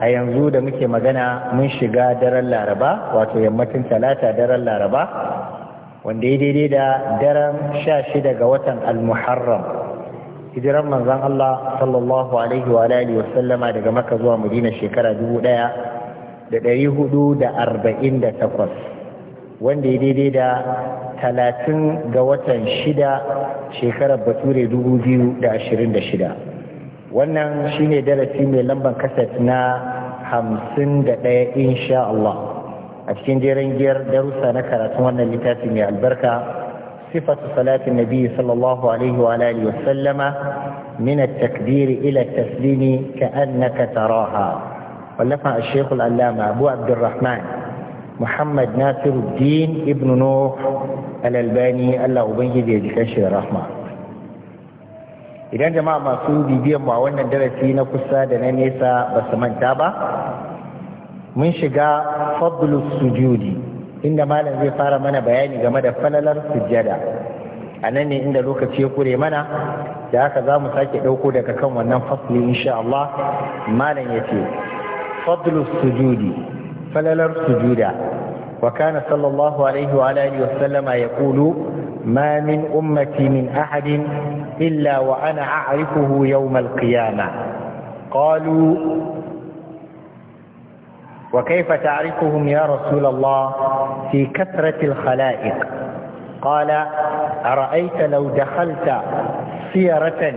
a yanzu da muke magana mun shiga daren laraba wato yammacin talata daren laraba wanda ya daidai da daren sha shida ga watan almuharram hijiran manzan Allah sallallahu alaihi wa alihi wa sallama daga maka zuwa madina shekara dubu ɗaya da ɗari hudu da arba'in da takwas wanda ya daidai da talatin ga watan shida shekarar bature dubu biyu da ashirin da shida wannan shine darasi mai lambar kaset na hamsin da ɗaya insha Allah a cikin jerin giyar darussa na karatun wannan littafi mai albarka sifatu salatin nabi sallallahu alaihi wa alihi wa sallama min at-takbir ila at-taslim ka'annaka taraha wallafa al-shaykh al-allama Abu Abdurrahman Muhammad Nasiruddin ibn Nuh al-Albani Allah ubangiji ya jika shi rahma idan jama'a masu bibiyan mu a wannan darasi na kusa da na nesa ba su manta ba mun shiga fadlus sujudi inda malam zai fara mana bayani game da falalar sujjada a nan ne inda lokaci ya kure mana da haka za mu sake ɗauko daga kan wannan fasli insha Allah malam ya ce fadlus sujudi falalar sujuda wa kana sallallahu alaihi wa alihi wa sallama yaqulu ما من أمتي من أحد إلا وأنا أعرفه يوم القيامة قالوا وكيف تعرفهم يا رسول الله في كثرة الخلائق قال أرأيت لو دخلت سيرة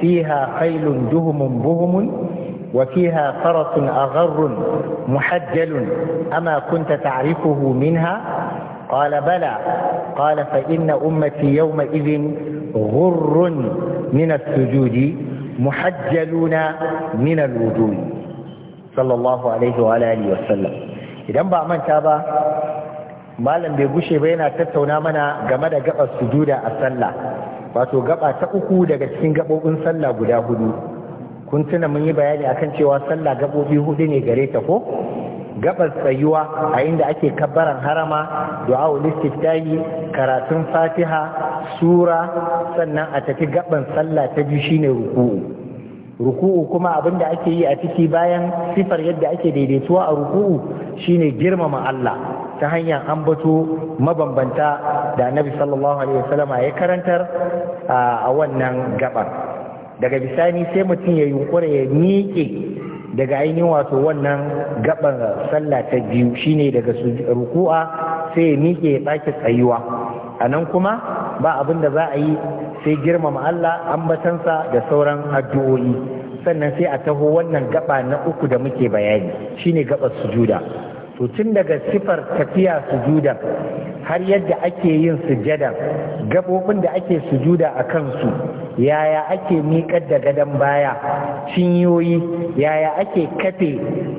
فيها خيل دهم بهم وفيها فرس أغر محجل أما كنت تعرفه منها قال بلى قال فإن أمتي يومئذ غر من السجود محجلون من الوجود صلى الله عليه وعلى آله وسلم إذا ba manta ba malam bai bushe ba yana tattauna mana game da gabar sujuda a sallah wato gaba ta uku daga cikin gabobin sallah guda hudu kun tuna mun yi bayani akan cewa sallah gabobi hudu ne gare ta ko gabas tsayuwa a inda ake kabbaran harama du'a istiftahi karatun fatiha sura sannan a tafi gaban sallah ta biyu shine ruku'u ruku'u kuma abin da ake yi a ciki bayan sifar yadda ake daidaituwa a ruku'u shine girmama Allah ta hanyar ambato mabambanta da annabi sallallahu alaihi wasallama ya karantar a wannan gaban daga bisani sai mutum ya yunkura ya miƙe daga ainihin wato wannan gaban sallah ta biyu shine daga ruku'a sai ya miƙe ya tsaki tsayuwa a nan kuma ba abin da za a yi sai girmama Allah ambatansa da sauran addu'o'i sannan sai a taho wannan gaba na uku da muke bayani shine gabar sujuda to tun daga sifar tafiya sujuda har yadda ake yin sujada gabobin da ake sujuda a kansu yaya ake miƙar da gadon baya cinyoyi yaya ake kafe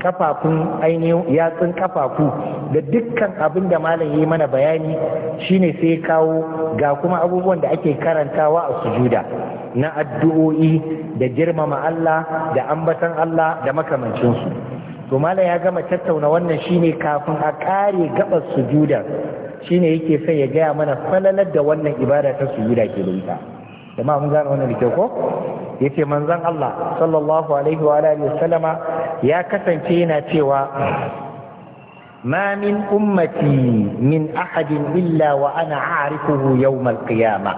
kafafun ainihin yatsun kafafu da dukkan abin da malam yi mana bayani shine sai kawo ga kuma abubuwan da ake karantawa a sujuda na addu'o'i da girmama Allah da ambatan Allah da makamancinsu Rumala ya gama tattauna wannan shine kafin a kare gabas sujuda shine yake sai ya gaya mana falalar da wannan ibada ta sujuda ke da ita jama'a mun gane wannan da ko yace manzon Allah sallallahu alaihi wa alihi wasallama ya kasance yana cewa ma min ummati min ahadin illa wa ana a'rifuhu yawm al-qiyamah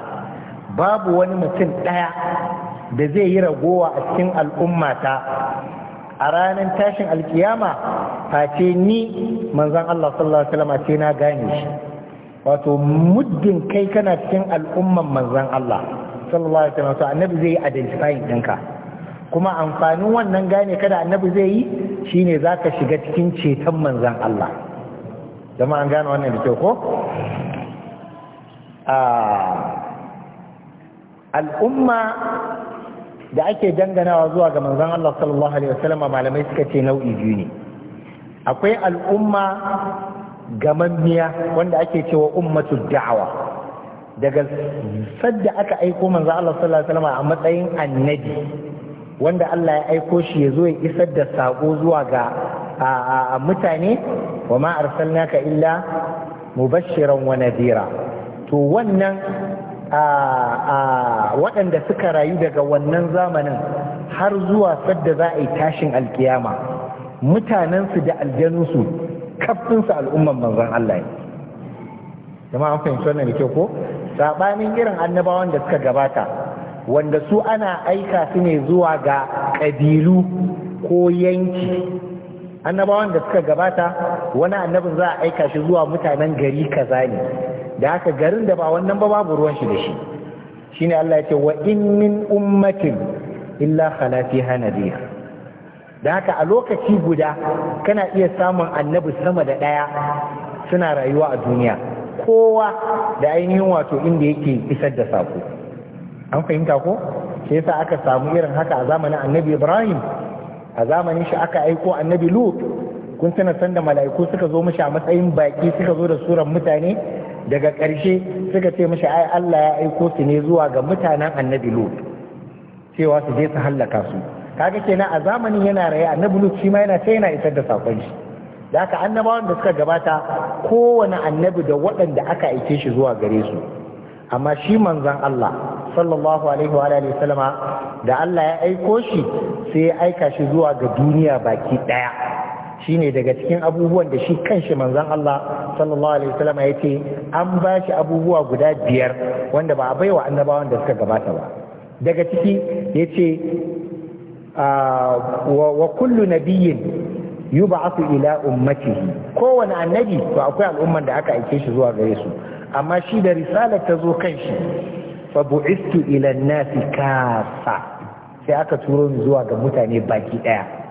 babu wani mutum daya da zai yi ragowa a cikin al'ummata a ranar tashin alkiyama face ni manzan Allah sallallahu alaihi wasallam ce na gane shi wato muddin kai kana cikin al'umman manzan Allah sallallahu alaihi wasallam annabi zai yi identify ɗinka kuma amfanin wannan gane kada annabi zai yi shine ka shiga cikin ceton manzan Allah jama'a an gane wannan da kyau ko ah, al'umma da ake danganawa zuwa ga manzon Allah sallallahu alaihi wasallam malamai suka ce nau'i biyu ne akwai al'umma gamammiya wanda ake cewa ummatud da'awa daga sadda aka aiko Manzon Allah sallallahu alaihi wasallam a matsayin annabi wanda Allah ya aiko shi ya zo ya isar da sako zuwa ga mutane wa ma arsalnaka illa mubashiran wa nadira to wannan a waɗanda suka rayu daga wannan zamanin har zuwa sadda za a yi tashin alkiyama mutanensu da aljanunsu kafinsu al'umman manzan Allah ne jama'a an fahimci wannan da ko sabanin irin annabawan da suka gabata wanda su ana aika su ne zuwa ga ƙabilu ko yanki annabawan da suka gabata wani annabin za a aika shi zuwa mutanen gari kaza ne da haka garin da ba wannan ba babu ruwan shi da shi shine Allah ya ce wa in min ummatin illa khala fiha da haka a lokaci guda kana iya samun annabi sama da ɗaya suna rayuwa a duniya kowa da ainihin wato inda yake isar da sako an fahimta ko sai yasa aka samu irin haka a zamanin annabi ibrahim a zamanin shi aka aiko annabi lut kun tana san da mala'iku suka zo mashi a matsayin baki suka zo da suran mutane daga ƙarshe suka ce mashi ai Allah ya aiko su ne zuwa ga mutanen annabi Lut cewa su je su hallaka su kaga kenan a zamanin yana raye annabi Lut shi ma yana sai yana isar da sakon shi da haka annabawan da suka gabata kowane annabi da waɗanda aka aike shi zuwa gare su amma shi manzon Allah sallallahu alaihi wa alihi sallama da Allah ya aiko shi sai ya aika shi zuwa ga duniya baki daya shine daga cikin abubuwan da shi kanshi manzon Allah sallallahu alaihi wasallam ya ce an ba shi abubuwa guda biyar wanda ba a baiwa annabawan da suka gabata ba daga ciki ya ce ah, wa kullu nabiyyin yub'athu ila ummatihi kowane annabi ba akwai al'umman da aka aike shi zuwa gare su amma shi da risalar ta zo kan shi fa bu'istu ila an-nasi kafa sai aka turo zuwa ga mutane baki ɗaya.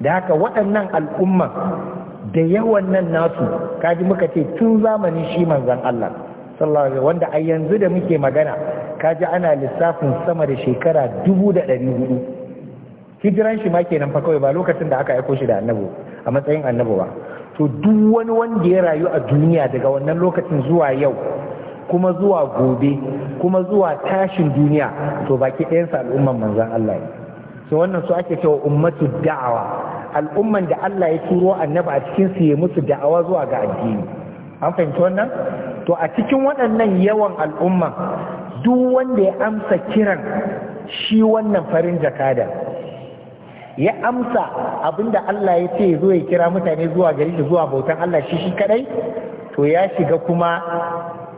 da haka waɗannan al'umma da yawan nan nasu kaji muka ce tun zamanin shi manzan Allah sallallahu alaihi wanda a yanzu da muke magana kaji ana lissafin sama da shekara dubu da ɗari hudu hijiran shi ma kenan fa kawai ba lokacin da aka aiko shi da annabu, a matsayin annabu ba to duk wani wanda ya rayu a duniya daga wannan lokacin zuwa yau kuma zuwa gobe kuma zuwa tashin duniya to baki ɗayansa al'umman manzan Allah ne so wannan su ake cewa ummatu da'awa al'umman da Allah ya turo annabi a cikin su ya musu da'awa zuwa ga addini an fahimci wannan to a cikin waɗannan yawan al'umma duk wanda ya amsa kiran shi wannan farin jakada ya amsa abinda Allah ya ce zo ya kira mutane zuwa gari da zuwa bautan Allah shi shi kadai to ya shiga kuma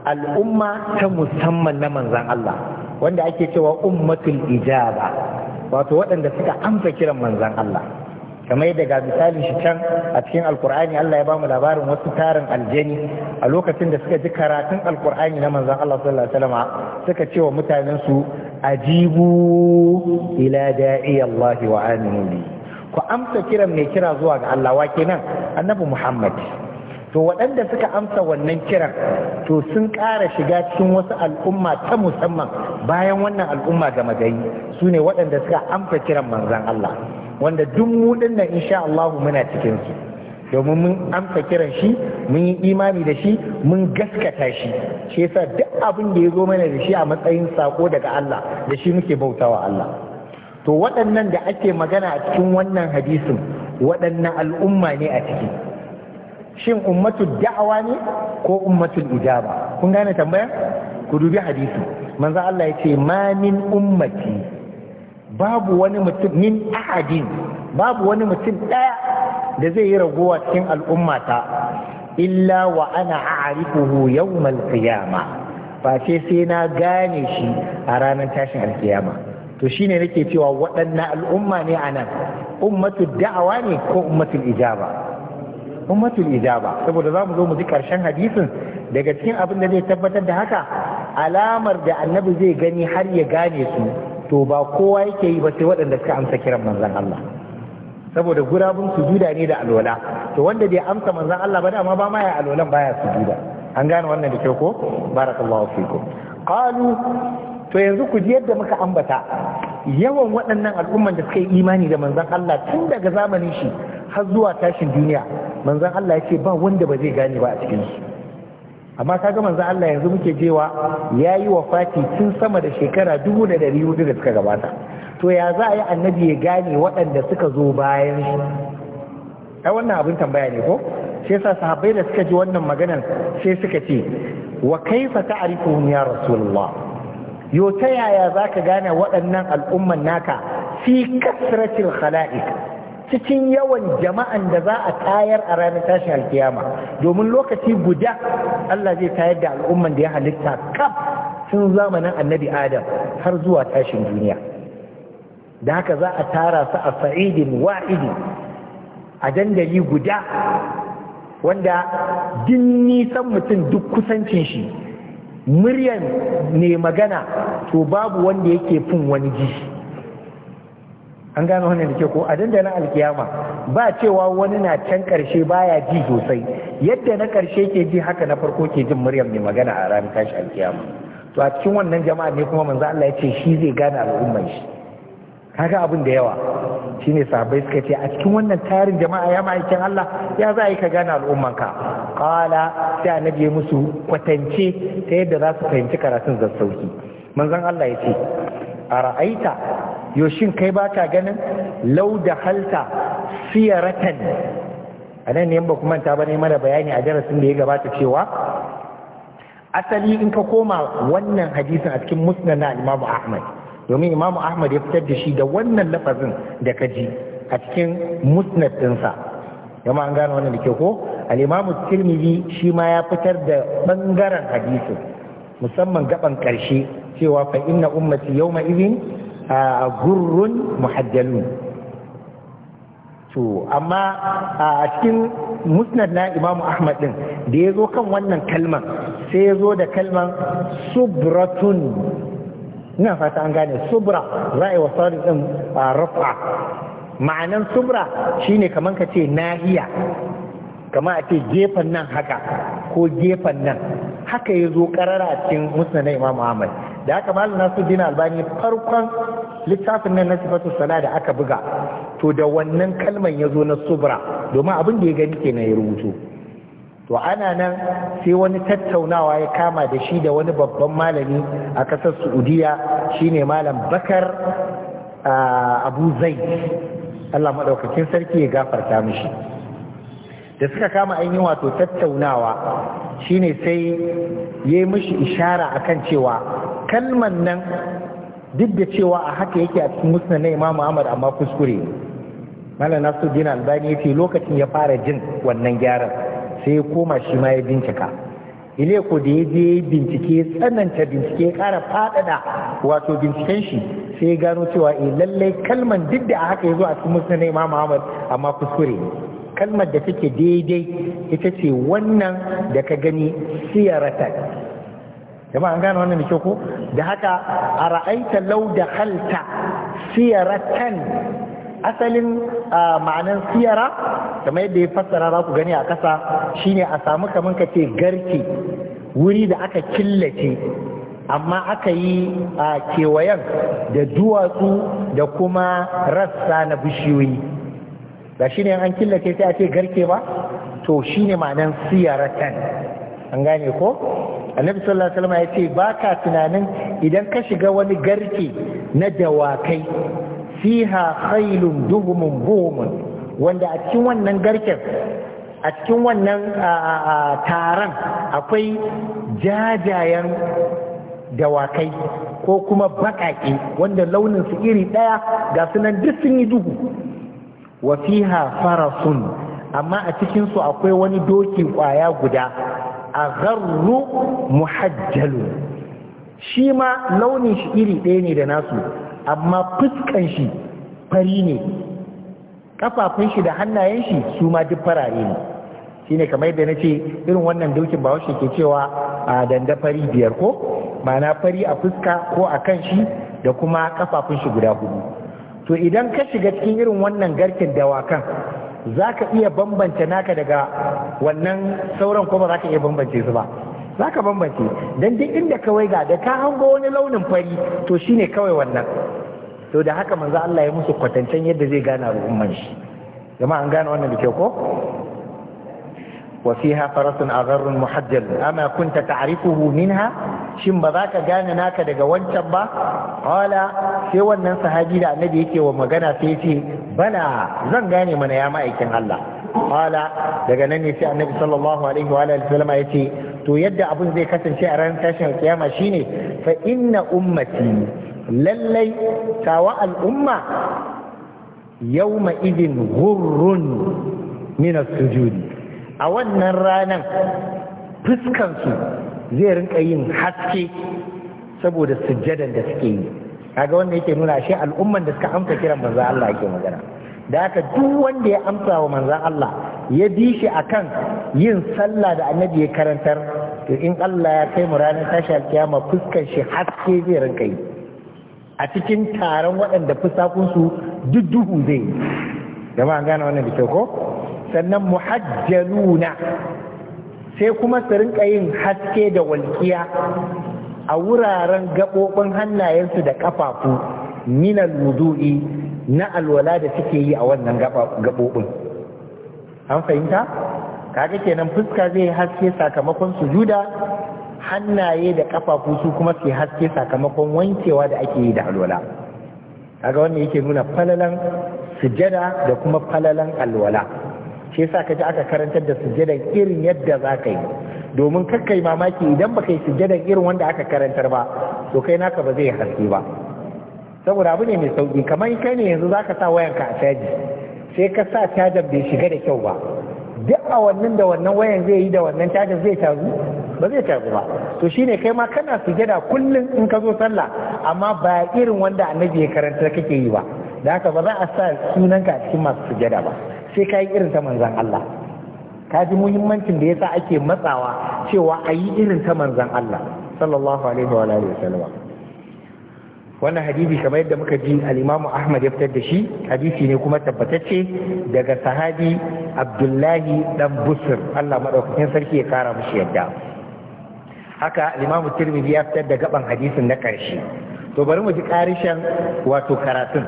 al'umma ta musamman na manzan Allah wanda ake cewa ummatul ijaba wato waɗanda suka amsa kiran manzan Allah kamar yadda ga misalin shi can a cikin alkur'ani Allah ya bamu labarin wasu tarin aljani a lokacin da suka ji karatun alkur'ani na manzon Allah sallallahu alaihi wasallam suka ce wa mutanen su ajibu ila da'i Allah wa aminu ku amsa kiran mai kira zuwa ga Allah wa kenan annabi Muhammad to waɗanda suka amsa wannan kiran to sun ƙara shiga cikin wasu al'umma ta musamman bayan wannan al'umma gama gari sune ne waɗanda suka amsa kiran manzon Allah wanda duk mu dinnan insha Allah muna cikin su domin mun amsa kiran shi mun yi imani da shi mun gaskata shi shi yasa duk abin da ya zo mana da shi a matsayin sako daga Allah da shi muke bautawa Allah to waɗannan da ake magana a cikin wannan hadisin waɗannan al'umma ne a ciki shin ummatul da'awa ne ko ummatul ijaba kun gane tambaya ku dubi hadisi manzo Allah ya ce ma min ummati babu wani mutum min ahadin babu wani mutum ɗaya da zai yi raguwa cikin al'ummata illa wa ana a'rifuhu yawmal qiyama ba ce sai na gane shi a ranar tashin alkiyama to shine nake cewa waɗannan al'umma ne a nan ummatu da'awa ne ko ummatul ijaba ummatul ijaba saboda za mu zo mu ji ƙarshen hadisin daga cikin abin da zai tabbatar da haka alamar da annabi zai gani har ya gane su to ba kowa yake yi ba sai waɗanda suka amsa kiran manzan Allah saboda gurabun sujuda ne da alwala to wanda bai amsa manzan Allah ba dama ba ma ya alwalan baya sujuda an gane wannan da kyau ko barakallahu fikum qalu to yanzu ku ji yadda muka ambata yawan waɗannan al'umman da suka yi imani da manzan Allah tun daga zamanin shi har zuwa tashin duniya manzan Allah ya ce ba wanda ba zai gane ba a cikin su amma kaga manzo Allah yanzu muke cewa yi wafati tun sama da shekara dubu da ɗari hudu da suka gabata to ya za a yi annabi ya gane waɗanda suka zo bayan shi ai wannan abin tambaya ne ko shi sa sahabbai da suka ji wannan maganar sai suka ce wa kaifa ta'rifuhum ya rasulullah yo ta yaya zaka gane waɗannan al'umman naka fi kasratil khala'iq cikin yawan jama'an da za a tayar a ranar tashin alkiyama domin lokaci guda Allah zai tayar da al'umman da ya halitta kaf tun zamanin annabi adam har zuwa tashin duniya da haka za a tara su a sa'idin wa'idi a dandali guda wanda din nisan mutum duk kusancin shi muryan ne magana to babu wanda yake fin wani jishi an gano wannan da ke ko a dandalin alkiyama ba cewa wani na can karshe baya ji sosai yadda na karshe ke ji haka na farko ke jin muryar mai magana a ranar tashi alkiyama to a cikin wannan jama'a ne kuma manzo Allah ya ce shi zai gane al'ummar shi kaga abin da yawa shine sahabbai suka ce a cikin wannan tarin jama'a ya ma'aikin Allah ya za a yi ka gane al'umman ka qala sai annabi ya musu kwatance ta yadda za su fahimci karatun zassauki manzon Allah ya ce a ra'aita yoshin kai ba ka ganin lau da halta siyaratan a nan ne ba kuma ta bane mana bayani a darasin da ya gabata cewa asali in ka koma wannan hadisin a cikin musna na imamu ahmad domin imamu ahmad ya fitar da shi da wannan lafazin da ka ji a cikin musnad ɗinsa yamma an gane wannan da ke ko al'imamu tirmidhi shi ma ya fitar da ɓangaren hadisin musamman gaban ƙarshe cewa fa inna ummati yawma idhin a gurrun muhaddalu, to amma a cikin musnad na imamu ahmad ɗin da ya zo kan wannan kalman sai ya zo da kalman subratun ina fata an gane subra ra'ayi wa saurin din rafa ma'anan subra shine kaman ka ce nahiya kamar a ce gefen nan haka ko gefen nan haka ya zo karara a cikin musnad na imamu ahmad da aka malu nasu dina Albani farkon littafin nan na sifatu sala da aka buga to da wannan kalman ya zo na subra domin abin da ya gani kenan ya rubutu to ana nan sai wani tattaunawa ya kama da shi da wani babban malami a ƙasar Saudiya shine malam Bakar ah, Abu zai Allah maɗaukakin sarki ya gafarta mishi da suka kama an yi wato tattaunawa shine sai ya mishi ishara akan cewa kalman nan duk da cewa a haka yake a cikin musnad na imamu Ahmad amma kuskure Malam dina Albani ya ce lokacin ya fara jin wannan gyaran sai ya koma shi ma ya bincika ile ko da ya je bincike tsananta bincike ya ƙara faɗaɗa wato binciken shi sai ya gano cewa eh, lallai kalman duk da a haka ya zo a cikin musnad na imamu Ahmad amma kuskure ne kalmar da take daidai ita ce wannan da ka gani siyaratan jama'a an gane wannan da kyau ko da haka a ra'aita lau da halta siyaratan asalin ma'anan siyara kamar yadda ya fassara za ku gani a ƙasa shine a samu kamar ka ce garke wuri da aka killace amma aka yi a kewayen da duwatsu da kuma rassa na bishiyoyi ba shi ne an killace sai a ce garke ba to shi ne ma'anan siyaratan an gane ko annabi sallallahu alaihi wasallam ya ce ba ka tunanin idan ka shiga wani garke na dawakai fiha khailun duhumun buhumun wanda a cikin wannan garken a cikin wannan taron akwai jajayen dawakai ko kuma baƙaƙe wanda launin su iri ɗaya ga sunan duk sun yi duhu wa fiha farasun amma a cikin su akwai wani doki kwaya guda a agharru muhajjalu shi ma launin shi iri ɗaya ne da nasu amma fuskan shi fari ne kafafun shi da hannayen shi su ma duk farare ne shine kamar yadda na ce irin wannan dokin ba wacce ke cewa a danda fari biyar ko ma'ana fari a fuska ko a kan shi da kuma kafafun shi guda hudu to idan ka shiga cikin irin wannan garkin dawakan za ka iya bambance naka daga wannan sauran kuma za ka iya bambance su ba za ka bambance don duk inda kawai ga da ka hango wani launin fari to shine kawai wannan to da haka manzo Allah ya musu kwatancen yadda zai gane al'umman shi jama'a an gane wannan da kyau ko وفيها فرس أغر محجل أما كنت تعرفه منها شن بذاك جانا ناك دقوان شبا قال سوى الناس هاجي لا نبيك ومغانا سيتي بلا زنغاني من يا مأيكين الله قال دقنا نسي النبي صلى الله عليه وآله وسلم يتي تو يد أبو زي كتن شعران تاشن القيامة شيني فإن أمتي للي سواء الأمة يومئذ غر من السجود a wannan ranan fuskansu zai rinka yin haske saboda sujjadan da suke yi kaga wanda yake nuna shi al'umman da suka amsa kiran manzo Allah yake magana da haka duk wanda ya amsa wa manzan Allah ya bi shi akan yin sallah da annabi ya karantar to in Allah ya kai mu ranar tashi alkiyama fuskar shi haske zai rinka yi a cikin taron waɗanda fusakunsu duk duhu zai yi jama'a gane wannan da kyau ko sannan muhajjaluna sai kuma su rinka yin haske da walƙiya a wuraren gaɓoɓin hannayensu da ƙafafu minal wudu'i na alwala da suke yi a wannan gaɓoɓin an fahimta kaga kenan fuska zai haske sakamakon sujuda hannaye da ƙafafu su kuma su haske sakamakon wankewa da ake yi da alwala kaga wannan yake nuna falalan sujada da kuma falalan alwala shi yasa kaji aka karantar da sujjadan irin yadda za ka yi domin kakkai mamaki idan baka yi sujjadan irin wanda aka karantar ba to kai naka ba zai haske ba saboda abu ne mai sauki kamar kai ne yanzu za ka sa wayanka a caji sai ka sa cajar bai shiga da kyau ba duk a wannan da wannan wayan zai yi da wannan cajar zai tazu ba zai tazu ba to shine kai ma kana sujjada kullum in ka zo sallah amma ba irin wanda annabi ya karanta kake yi ba da haka ba za a sa sunanka a cikin masu sujjada ba sai ka yi irin ta manzan Allah ka ji muhimmancin da yasa ake matsawa cewa a yi irin ta manzan Allah sallallahu alaihi wa alihi wasallam wannan hadisi kamar yadda muka ji al Ahmad ya fitar da shi hadisi ne kuma tabbatacce daga sahabi Abdullahi dan Busr Allah madaukakin sarki ya kara mishi yadda haka al-Imam Tirmidhi ya fitar da gaban hadisin na ƙarshe. to bari mu ji karishen wato karatun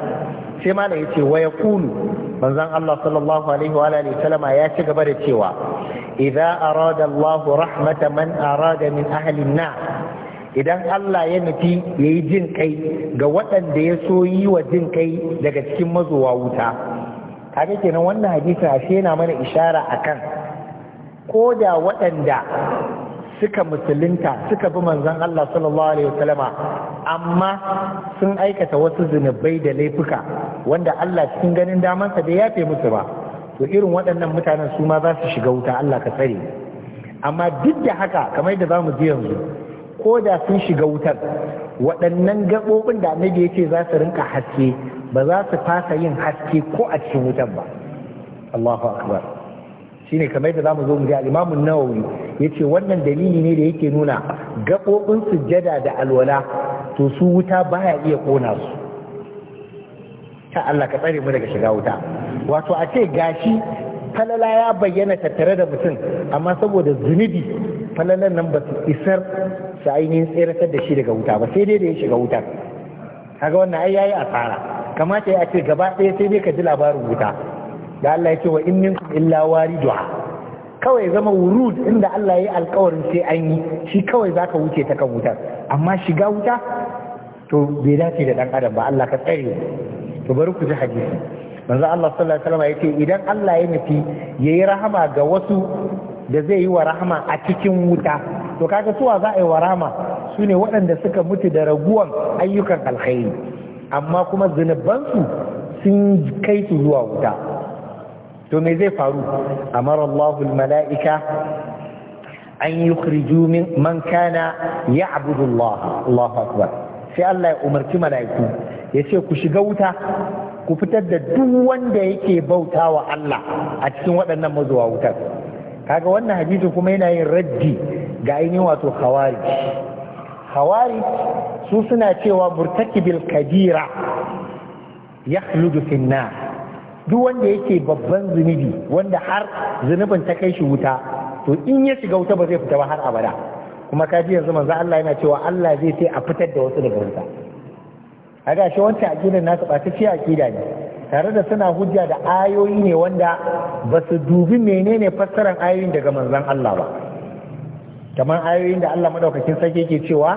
sai ya ce waya Kulu. manzon Allah sallallahu alaihi wa alihi salama ya ci gaba da cewa idza arada Allah rahmata man arada min ahli idan Allah ya nufi yayi jin kai ga waɗanda ya so yi wa jin kai daga cikin mazuwa wuta kaga kenan wannan hadisi ashe yana mana ishara akan ko da waɗanda suka musulunta suka bi manzon Allah sallallahu alaihi wasallama amma sun aikata wasu zunubai da laifuka wanda Allah cikin ganin damansa bai yafe musu ba to irin waɗannan mutanen su ma za su shiga wuta Allah ka tsare amma duk da haka kamar da zamu ji yanzu ko da sun shiga wutar waɗannan gaɓoɓin da annabi yake za su rinka haske ba za su fasa yin haske ko a cikin wutar ba Allahu akbar shine kamar yadda zamu zo mu ga imam an-Nawawi yace wannan dalili ne da yake nuna gabobin sujjada da alwala to su wuta baya iya kona su ta Allah ka tsare mu daga shiga wuta wato a ce gashi falala ya bayyana tattare da mutum amma saboda zunubi falalan nan ba su isar su ainihin tsiratar da shi daga wuta ba sai dai da ya shiga wutar kaga wannan ai yayi asara kamata ya ce gaba ɗaya sai dai ka ji labarin wuta da Allah ya ce wa innin minkum illa dua, kawai zama wurud inda Allah ya yi alkawarin sai an yi shi kawai zaka wuce ta kan wutar amma shiga wuta to bai dace da dan adam ba Allah ka tsare to bari ku ji hadisi manzo Allah sallallahu alaihi wasallam yace idan Allah ya nufi yayi rahama ga wasu da zai yi wa rahama a cikin wuta to kaga suwa za a yi wa rahama sune waɗanda suka mutu da raguwan ayyukan alkhairi amma kuma zunubansu sun kai su zuwa wuta to me zai faru amara Allahu mala'ika an yi min man kana ya'budu Allahu akbar sai Allah ya umarci mala'iku ya ce ku shiga wuta ku fitar da duk wanda yake bauta wa Allah a cikin waɗannan mazuwa wutar kaga wannan hadisi kuma yana yin raddi ga ainihin wato khawarij khawarij su suna cewa murtakibil kabira ya khuludu finna duk wanda yake babban zunubi wanda har zunubin ta kai shi wuta to in ya shiga wuta ba zai fita ba har abada kuma ka ji yanzu manzo Allah yana cewa Allah zai sai a fitar da wasu daga wuta kaga shi wancan akidar nasu ba ta ce akida ne tare da suna hujja da ayoyi ne wanda ba su dubi menene fassarar ayoyin daga manzon Allah ba kamar ayoyin da Allah madaukakin sarki yake cewa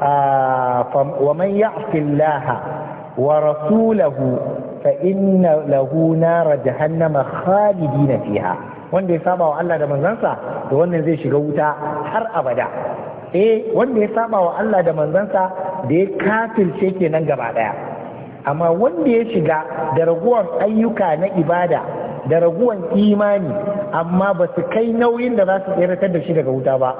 ah, wa man ya'fi Allah wa rasulahu fa inna lahu nara jahannama khalidina fiha wanda ya saba wa Allah da manzansa da wannan zai shiga wuta har abada eh wanda ya saba wa Allah da manzansa da ya kafirce kenan gaba daya amma wanda ya shiga da raguwan ayyuka na ibada da raguwan imani amma ba su kai nauyin da za su tseratar da shi daga wuta ba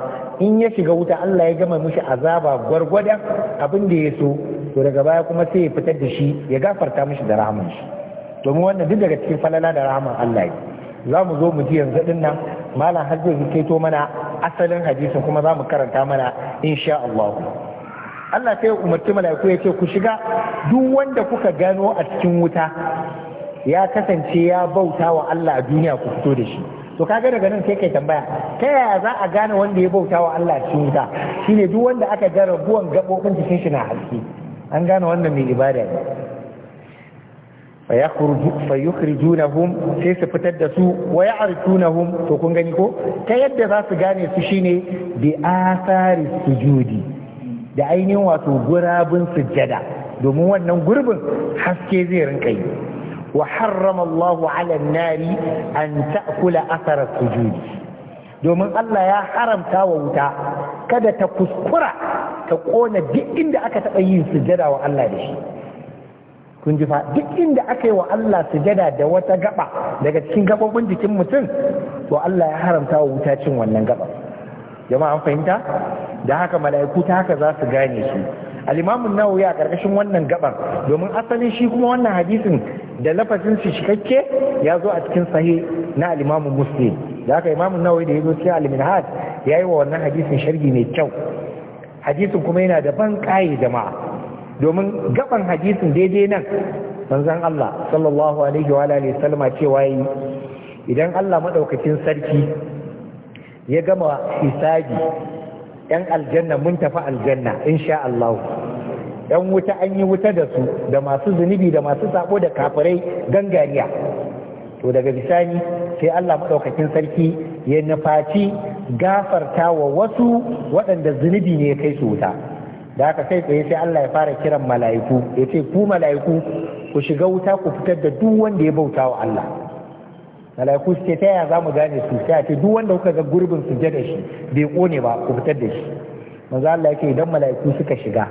in ya shiga wuta Allah ya gama mushi azaba gwargwadon abin da ya so to daga baya kuma sai ya fitar da shi ya gafarta mishi da rahaman shi domin wannan duk daga cikin falala da rahaman Allah yi za mu zo mu ji yanzu din nan malam har zai kaito mana asalin hadisin kuma za mu karanta mana insha Allah Allah sai ya umarci mala'iku ya ce ku shiga duk wanda kuka gano a cikin wuta ya kasance ya bauta wa Allah a duniya ku fito da shi to kaga daga nan sai kai tambaya ta yaya za a gane wanda ya bauta wa Allah cikin wuta shine duk wanda aka ga rabuwan gabobin jikin shi na haske an gane wannan mai ibada ne fa yukhrijunahum sai su fitar da su wa ya'rifunahum to kun gani ko ta yadda za su gane su shine bi asari sujudi da ainihin wato gurabin sujjada domin wannan gurbin haske zai rinka yi wa harrama Allahu 'ala an-nari an ta'kula athara sujudi domin Allah ya haramta wa wuta kada ta kuskura ta kona duk inda aka taɓa yin sujada wa Allah da shi kun ji fa duk inda aka yi wa Allah sujada da wata gaba daga cikin gabobin jikin mutum to Allah ya haramta wa wuta cin wannan gaba jama'a an fahimta da haka mala'iku ta haka za su gane shi al imamu nawawi a karkashin wannan gabar domin asalin shi kuma wannan hadisin da lafazin shi cikakke ya zo a cikin sahih na al-imamu muslim da haka imamun nawai da ya zo cikin al ya yi wa wannan hadisin shirgi mai kyau hadisin kuma yana da ban kayi jama'a domin gaban hadisin daidai nan manzon Allah sallallahu alaihi wa alihi sallama cewa yi idan Allah maɗaukacin sarki ya gama hisabi yan aljanna mun tafi aljanna insha Allah yan wuta an yi wuta da su da masu zunubi da masu sako da kafirai gangariya to daga bisani sai Allah maɗaukakin sarki ya nufaci gafarta wa wasu waɗanda zunubi ne ya kai su wuta da aka kai tsaye sai Allah ya fara kiran mala'iku ya ce ku mala'iku ku shiga wuta ku fitar da duk wanda ya bauta wa Allah mala'iku su ce ta yaya za mu gane su sai a ce duk wanda kuka ga gurbin su da shi bai kone ba ku fitar da shi manzo Allah ya ce idan mala'iku suka shiga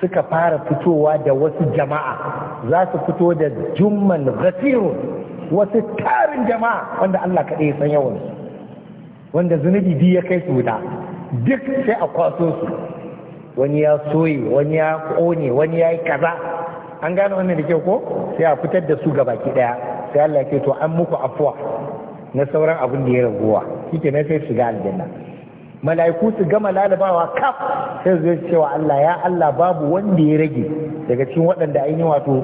suka fara fitowa da wasu jama'a za su fito da jummal ghafirun wasu tarin jama'a wanda Allah kaɗai ya san yawan su wanda zunubi biyu ya kai su wuta duk sai a kwaso su wani ya soye wani ya ƙone wani ya yi kaza an gane wannan da kyau ko sai a fitar da su ga baki ɗaya sai Allah ke to an muku afuwa na sauran abin da ya raguwa kike na sai shiga aljanna mala'iku su gama lalabawa kaf sai zai cewa Allah ya Allah babu wanda ya rage daga cikin waɗanda ainihin wato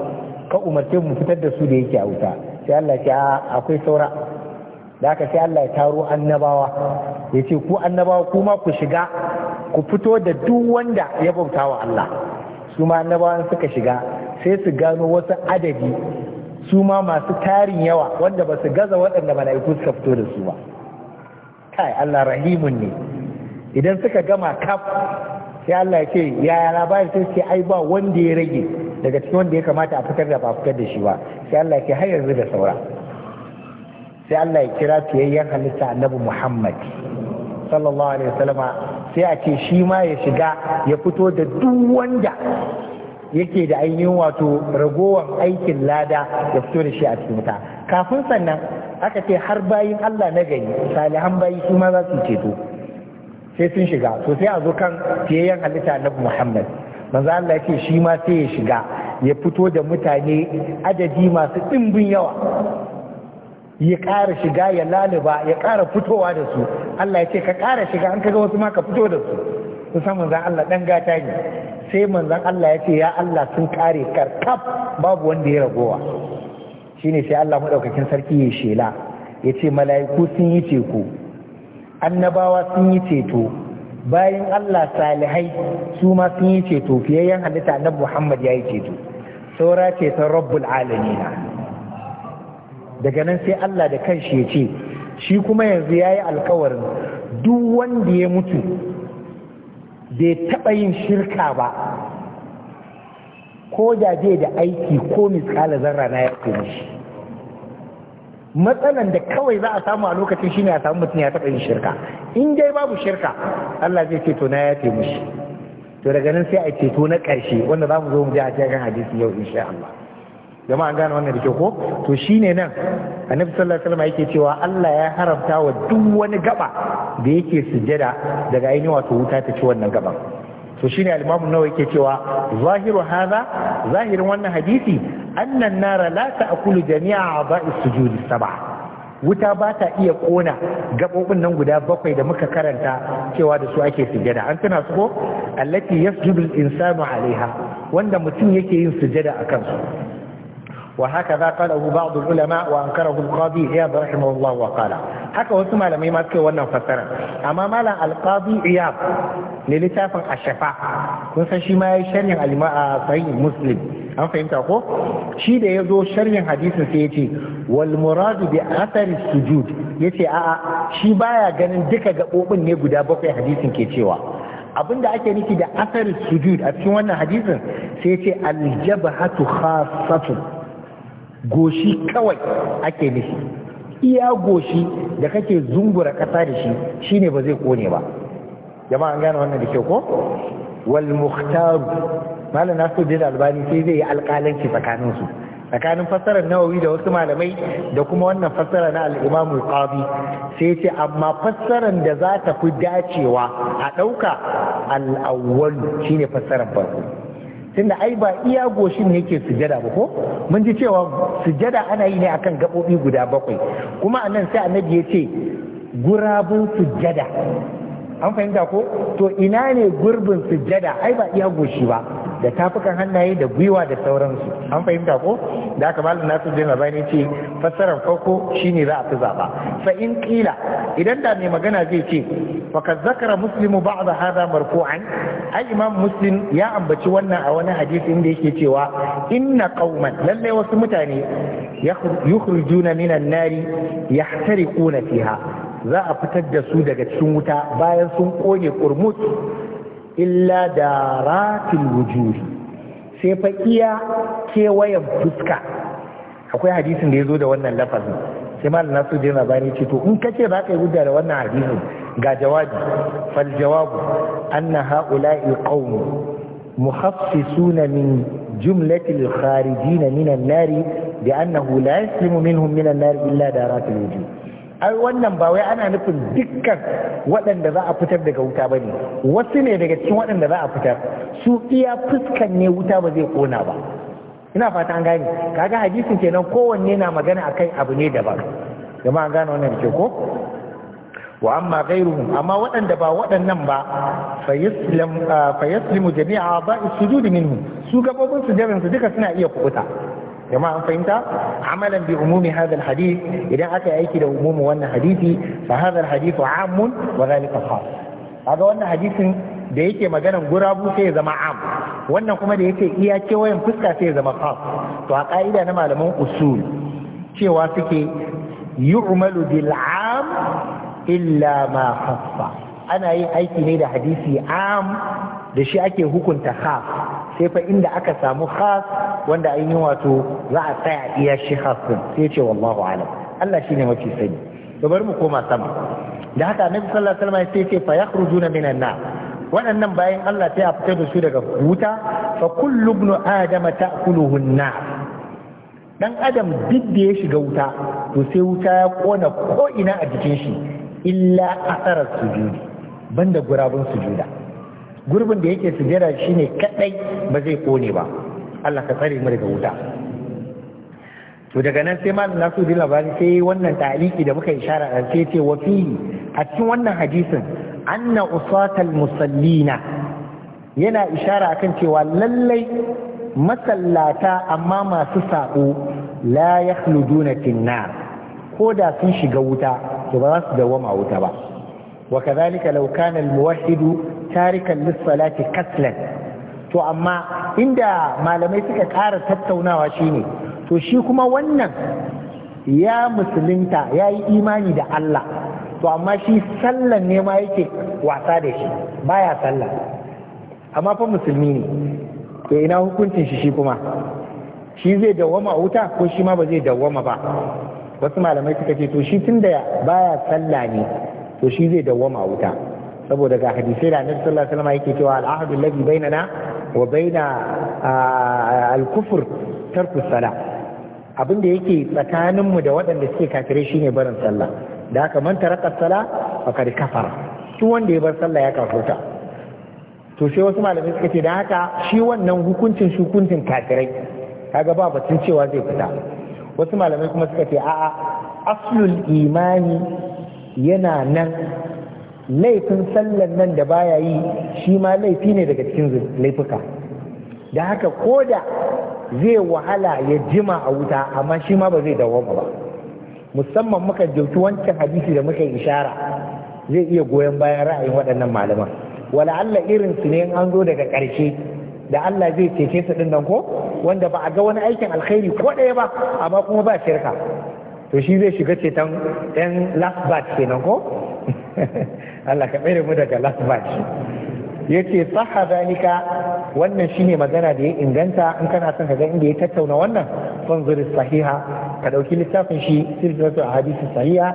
ka umarce mu fitar da su da yake a wuta sai Allah ya ce akwai saura da aka sai Allah ya taro annabawa ya ce ku annabawa kuma ku shiga ku fito da duk wanda ya bauta wa Allah su ma annabawan suka shiga sai su gano wasu adadi su ma masu tarin yawa wanda ba su gaza waɗanda mala'iku suka fito da su ba kai Allah rahimun ne idan suka gama kaf sai Allah ya ce yaya labari sai ce ai ba wanda ya rage daga cikin wanda ya kamata a fitar da ba fitar da shi ba sai Allah ke har yanzu da saura sai Allah ya kira fiyayyen halitta annabi Muhammad sallallahu alaihi wasallama sai a ce shi ma ya shiga ya fito da duk wanda yake da ainihin wato ragowar aikin lada ya fito da shi a cikin wuta kafin sannan aka ce har bayin Allah na gari salihan bayi su ma za su ceto sai sun shiga to sai a zo kan fiyayyen halitta annabi Muhammad manzo Allah ya ce shi ma sai ya shiga ya fito da mutane adadi masu ɗimbin yawa ya ƙara shiga ya laliba ya ƙara fitowa da su Allah ya ce ka ƙara shiga an kaga wasu ma ka fito da su kusan manzo Allah dan gata ne sai manzan Allah ya ce ya Allah sun kare karkaf babu wanda ya ragowa shine sai Allah madaukakin sarki ya shela yace ce mala'iku sun yi teku annabawa sun yi ceto bayan Allah salihai su ma sun yi ceto fiye yan halitta na Muhammad ya yi ceto saura ceton rabbul na. daga nan sai Allah da kanshi ya ce shi kuma yanzu ya yi alkawarin duk wanda ya mutu bai taɓa yin shirka ba ko da da aiki ko miskala zarra na ya shi matsalan da kawai za a samu a lokacin shine a samu mutum ya taɓa yin shirka in dai babu shirka Allah zai ce to na ya ce mushi to daga nan sai a ceto na ƙarshe wanda za mu zo mu ji a cikin hadisi yau insha Allah jama an gane wannan da ke ko to shine nan annabi sallallahu alaihi wasallam yake cewa Allah ya haramta wa duk wani gaba da yake sujada daga ainihin wato wuta ta ci wannan gaban to shine al-Imam Nawawi yake cewa zahiru hadha zahirin wannan hadisi annan nara la ta'kulu jami'a a'dha'i sujudi sab'a wuta ba ta iya ƙona gabobin nan guda bakwai da muka karanta cewa da su ake sujada an tuna su ko allati yasjudu al-insanu alaiha wanda mutum yake yin sujada akan su وهكذا قاله بعض العلماء وانكره القاضي عياض رحمه الله وقال haka wasu malamai ma suke wannan fassara amma malam alqadi iyab ne littafin ashafa kun san shi ma yayi sharhin alima a sahih muslim an fahimta ko shi da yazo sharhin hadisin sai yace wal da bi athari sujud yace a'a shi baya ganin duka gabobin ne guda bakwai hadisin ke cewa abinda ake nufi da athari sujud a cikin wannan hadisin sai yace al jabhatu khassatun goshi kawai ake nufi iya goshi da kake zungura ƙasa da shi shine ba zai kone ba jama'a an gane wannan da ke ko wal na malam nasiruddin albani sai zai yi alƙalanci tsakanin su tsakanin fassarar nawawi da wasu malamai da kuma wannan fassara na al'imamu qadi sai ce amma fassarar da za ta fi dacewa a ɗauka al'awwal shine fassarar farko tunda ai ba iya goshin ne yake sujada ba ko mun ji cewa sujada ana yi ne akan gabobi guda bakwai kuma anan sai annabi ya ce gurabun sujada an fahimta ko to ina ne gurbin sujada ai ba iya goshi ba da tafukan hannaye da gwiwa da sauransu an fahimta ko da aka malam nasu bin ce fassarar farko shine za a fi zaba fa in kila idan da mai magana zai ce fa ka zakara muslimu ba'd hadha marfu'an ai imam muslim ya ambaci wannan a wani hadisi inda yake cewa inna qauman lalle wasu mutane yukhrijuna minan nari yahtariquna fiha za a fitar da su daga cikin wuta bayan sun kone kurmut. illa da ratin wujuri sai fa iya kewayen fuska akwai hadisin da ya zo da wannan lafazin sai malam nasu da yana bani ce to in ka ce za ka yi hujja da wannan hadisin ga jawabi fal jawabu anna ha'ula'il qawm muhaffisuna min jumlatil kharijina min an-nari bi annahu la yaslimu minhum min an-nar illa ratin wujud ai wannan ba wai ana nufin dukkan waɗanda za a fitar daga wuta ba ne wasu ne daga cikin waɗanda za a fitar su iya fuskan ne wuta ba zai kona ba ina fata an gane kaga hadisin kenan kowanne na magana akai abu ne daban jama'a an gane wannan ke ko wa amma ghayruhum amma waɗanda ba waɗannan ba fa yaslimu jami'a ba sujudi minhu su gabobin su jarin su duka suna iya kubuta jama'a an fahimta amalan bi umumi hadal alhadith idan aka yi aiki da umumi wannan hadisi fa hadha alhadithu amun wa dhalika khas kaga wannan hadisin da yake maganan gurabu sai ya zama am wannan kuma da yake iya kewayen fuska sai ya zama khas to a ka'ida na malaman usul cewa suke yu'malu bil am illa ma khassa ana yin aiki ne da hadisi am da shi ake hukunta khas sai fa inda aka samu khas wanda an yi wato za a tsaya iya shi khas din sai ce wallahu alam Allah shine mafi sani to bari mu koma sama da haka annabi sallallahu alaihi wasallam sai ce fa yakhrujuna minan na waɗannan bayan Allah sai a fitar da su daga wuta fa kullu ibnu adama ta'kuluhu na dan adam duk da ya shiga wuta to sai wuta ya kona ko ina a jikin shi illa asarar sujudi banda gurabun sujuda gurbin da yake shi shine kaɗai ba zai kone ba Allah ka tsare mu daga wuta to daga nan sai malam nasu bin labari sai wannan ta'aliki da muka ishara a sai ce wa fi a cikin wannan hadisin anna usatal musallina yana ishara akan cewa lallai masallata amma masu sako la yakhluduna ko da sun shiga wuta to ba za su dawama wuta ba wa kadhalika law kana muwahhidu tarikan lissalati kaslan to amma inda malamai suka ƙara tattaunawa shine to shi kuma wannan ya musulunta ya yi imani da Allah to amma shi sallan ne ma yake wasa da shi baya salla. amma fa musulmi ne to ina hukuncin shi shi kuma shi zai dawwama wuta ko shi ma ba zai dawwama ba wasu malamai suka ce to shi tunda baya salla ne to shi zai dawwama wuta saboda ga hadisai da annabi sallallahu alaihi wasallam yake cewa al'ahadu alladhi bainana wa baina al-kufr tarku salah abin da yake tsakanin mu da waɗanda suke kafirai shine barin sallah da haka man taraka salah faqad kafara duk wanda ya bar sallah ya kafurta to sai wasu malamai suka ce da haka shi wannan hukuncin hukuncin kafirai kaga ba batun cewa zai fita wasu malamai kuma suka ce a'a aslul imani yana nan laifin sallan nan da baya yi shi ma laifi ne daga cikin laifuka da haka ko da zai wahala ya jima a wuta amma shi ma ba zai dawoma ba musamman muka dauki wancan hadisi da muka ishara zai iya goyon bayan ra'ayin waɗannan malaman wala Allah irin su ne an zo daga ƙarshe da Allah zai cece su ɗin nan ko wanda ba a ga wani aikin alkhairi ko ɗaya ba amma kuma ba shirka to shi zai shiga ceton ɗan last batch kenan ko Allah ka mai mu daga last batch ya ce saha zalika wannan shine magana da ya inganta in kana son ka ga inda ya tattauna wannan son zuri sahiha ka ɗauki littafin shi silsilatu a hadisi sahiha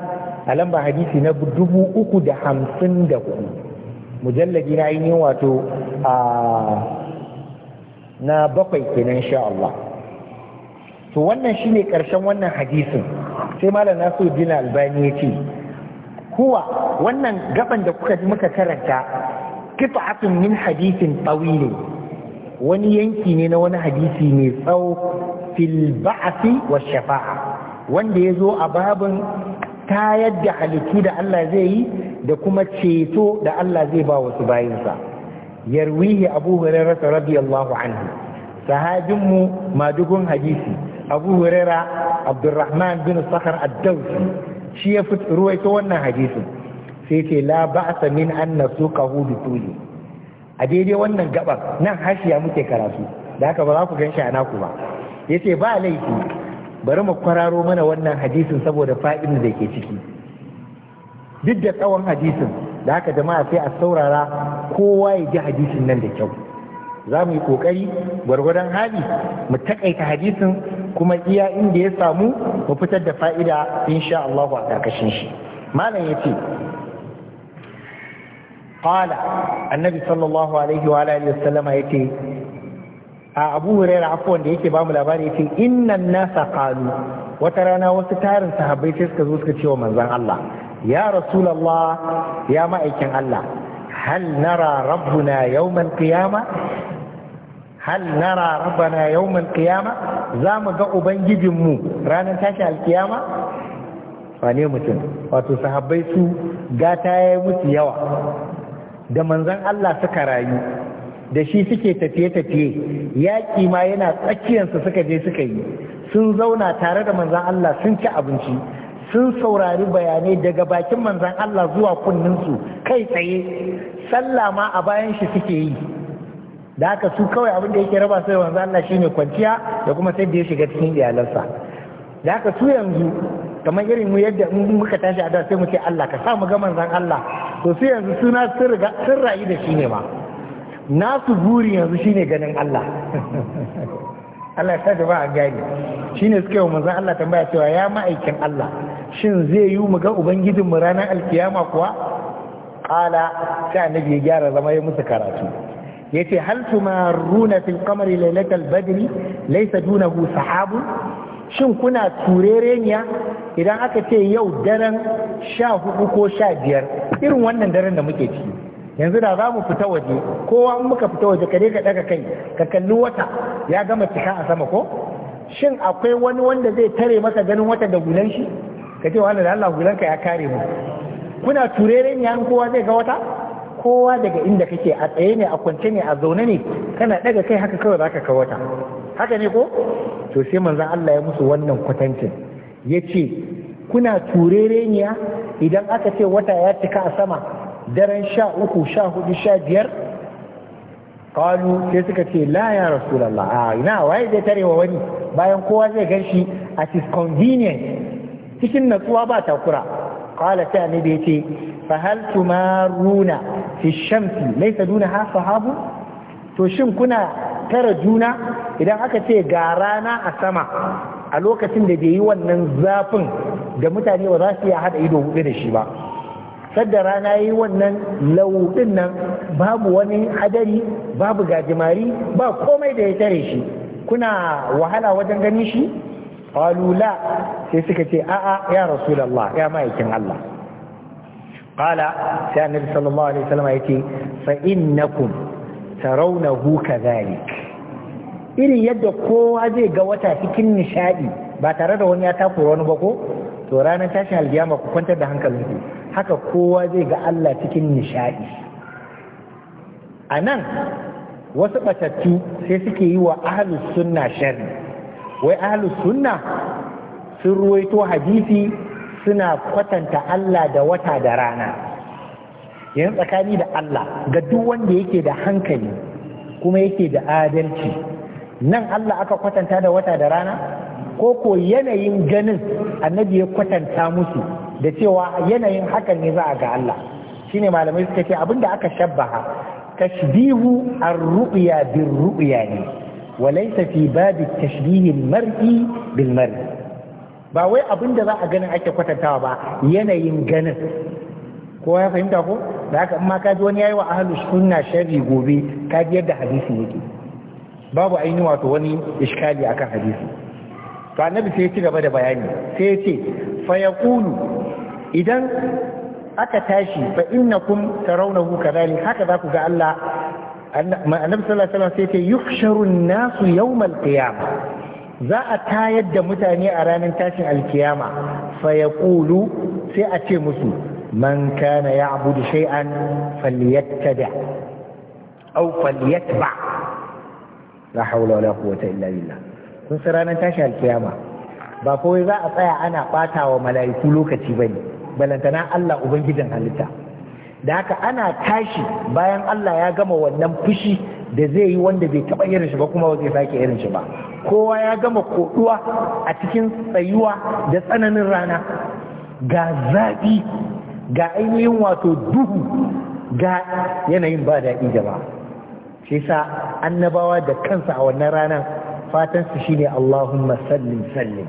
a lamba hadisi na dubu uku da hamsin da ku mujallabi na yi wato na bakwai kenan insha Allah to wannan shine karshen wannan hadisin sai malam Nasiruddin Albani ya ce huwa wannan gaban da kuka ji muka karanta qit'atun min hadisin tawil wani yanki ne na wani hadisi mai tsawo fil ba'si wa shafa'a wanda ya zo a babin tayar da halittu da Allah zai yi da kuma ceto da Allah zai ba wasu bayinsa yarwihi abu hurairah radiyallahu anhu sahabinmu madugun hadisi abu huraira abdurrahman bin Sakhar ad-dawsi shi ya fi ruwaito wannan hadisin sai ce la ba'sa min an hu bi tuli a daidai wannan gabar nan hashiya muke karatu da haka ba za ku ganshi a naku ba yace ba laifi bari mu kwararo mana wannan hadisin saboda fa'idin da yake ciki duk da tsawon hadisin da haka jama'a sai a saurara kowa ya ji hadisin nan da kyau za mu yi kokari gwargwadon hali mu takaita hadisin kuma iya inda ya samu mu fitar da fa'ida insha Allah a karkashin shi malam yace qala annabi sallallahu alaihi wa alihi wasallama yace a Abu Hurairah afwan da yake bamu labari yace innan nasa qalu wata rana wasu tarin sahabbai sai suka zo suka ce wa manzon Allah ya rasulullah ya ma'aikin Allah hal nara rabbuna yawmal kiyama. hal nara rabbana yawmal qiyama za mu ga ubangijinmu ranar tashi alkiyama wane mutum wato sahabbai su gata ya yi musu yawa da manzon Allah suka rayu da shi suke tafiye-tafiye yaƙi ma yana tsakiyarsa suka je suka yi sun zauna tare da manzan Allah sun ci abinci sun saurari bayanai daga bakin manzan Allah zuwa kunninsu kai tsaye sallah a bayan shi suke yi da haka su kawai abin da yake raba sai wanzu Allah shine kwanciya da kuma sai da ya shiga cikin iyalansa da haka su yanzu kamar irin mu yadda in muka tashi a da sai mu ce Allah ka sa mu ga manzon Allah to su yanzu suna sun riga rayu da shi ne ma nasu buri yanzu shine ganin Allah Allah ya da ba a gane shine suka yi manzon Allah tambaya cewa ya ma'aikin Allah shin zai yi mu ga ubangijin mu ranar alkiyama kuwa kala sai annabi ya gyara zama ya musu karatu yace hal tumaruna fil qamari lailatal badri laysa dunahu sahabu shin kuna turereniya idan aka ce yau daren sha hudu ko sha biyar irin wannan daren da muke ciki yanzu da za mu fita waje kowa in muka fita waje kare ka daga kai ka kalli wata ya gama cika a sama ko shin akwai wani wanda zai tare masa ganin wata da gulan shi ka ce wani da Allah gulanka ka ya kare mu kuna turereniya in kowa zai ga wata kowa daga inda kake a tsaye ne a kwance ne a zaune ne kana daga kai haka kawai zaka kawata haka ne ko to sai manzon Allah ya musu wannan kwatancin yace kuna turereniya idan aka ce wata ya cika a sama daren sha uku sha hudu sha biyar kalu sai suka ce la ya rasulallah a ah, ina waye zai tare wa wani bayan kowa zai gan shi at is convenient cikin natsuwa ba takura qala ne da yace fa hal tumaruna fi shamsi laysa dunaha sahabu to shin kuna tara juna idan aka ce ga rana a sama a lokacin da bai yi wannan zafin da mutane ba za su iya haɗa ido hudu da shi ba sadda rana yi wannan lauɗin nan babu wani hadari babu gajimari ba komai da ya tare shi kuna wahala wajen ganin shi qalu la sai suka ce a'a ya rasulullah ya ma'aikin Allah qala sai annabi sallallahu alaihi wasallam yake fa innakum tarawnahu kadhalik irin yadda kowa zai ga wata cikin nishadi ba tare da wani ya takura wani ba ko to ranar tashin alkiyama ku kwantar da hankalinku haka kowa zai ga Allah cikin nishadi a nan wasu batattu sai suke yi wa ahlus sunna sharri wai ahlu sunna sun ruwaito hadisi suna kwatanta Allah da wata da rana yan tsakani da Allah ga duk wanda yake da hankali kuma yake da adalci nan Allah aka kwatanta da wata da rana ko ko yanayin ganin annabi ya kwatanta musu da cewa yanayin hakan ne za a ga Allah shine malamai suka ce abinda aka shabbaha tashbihu ar-ru'ya bir-ru'ya ne وليس في باب التشبيه المرئي بالمرئي ba wai abin da za a ganin ake kwatantawa ba yanayin ganin ko ya fahimta ko da haka amma ka ji wani yayi wa ahlus sunna sharri gobe ka yadda hadisi yake babu ainihi wato wani iskali akan hadisi to annabi sai ya ci gaba da bayani sai ya ce fa yaqulu idan aka tashi fa innakum tarawnahu kadhalik haka za ku ga Allah annabi sallallahu alaihi wasallam sai ce yuhsharun nasu yawmal qiyamah za a tayar da mutane a ranar tashin alkiyama fa yaqulu sai a ce musu man kana ya'budu shay'an falyattabi aw falyatba la hawla wala quwwata illa billah kun sai ranar tashin alkiyama ba kawai za a tsaya ana ɓata wa mala'iku lokaci bane balantana Allah ubangijin halitta da haka ana tashi bayan Allah ya gama wannan fushi da zai yi wanda bai taɓa irin shi ba kuma ba zai sake irin shi ba kowa ya gama koɗuwa a cikin tsayuwa da tsananin rana ga zaɓi ga ainihin wato duhu ga yanayin ba daɗi ba shi sa annabawa da kansa a wannan ranar su shine Allahumma sallin sallin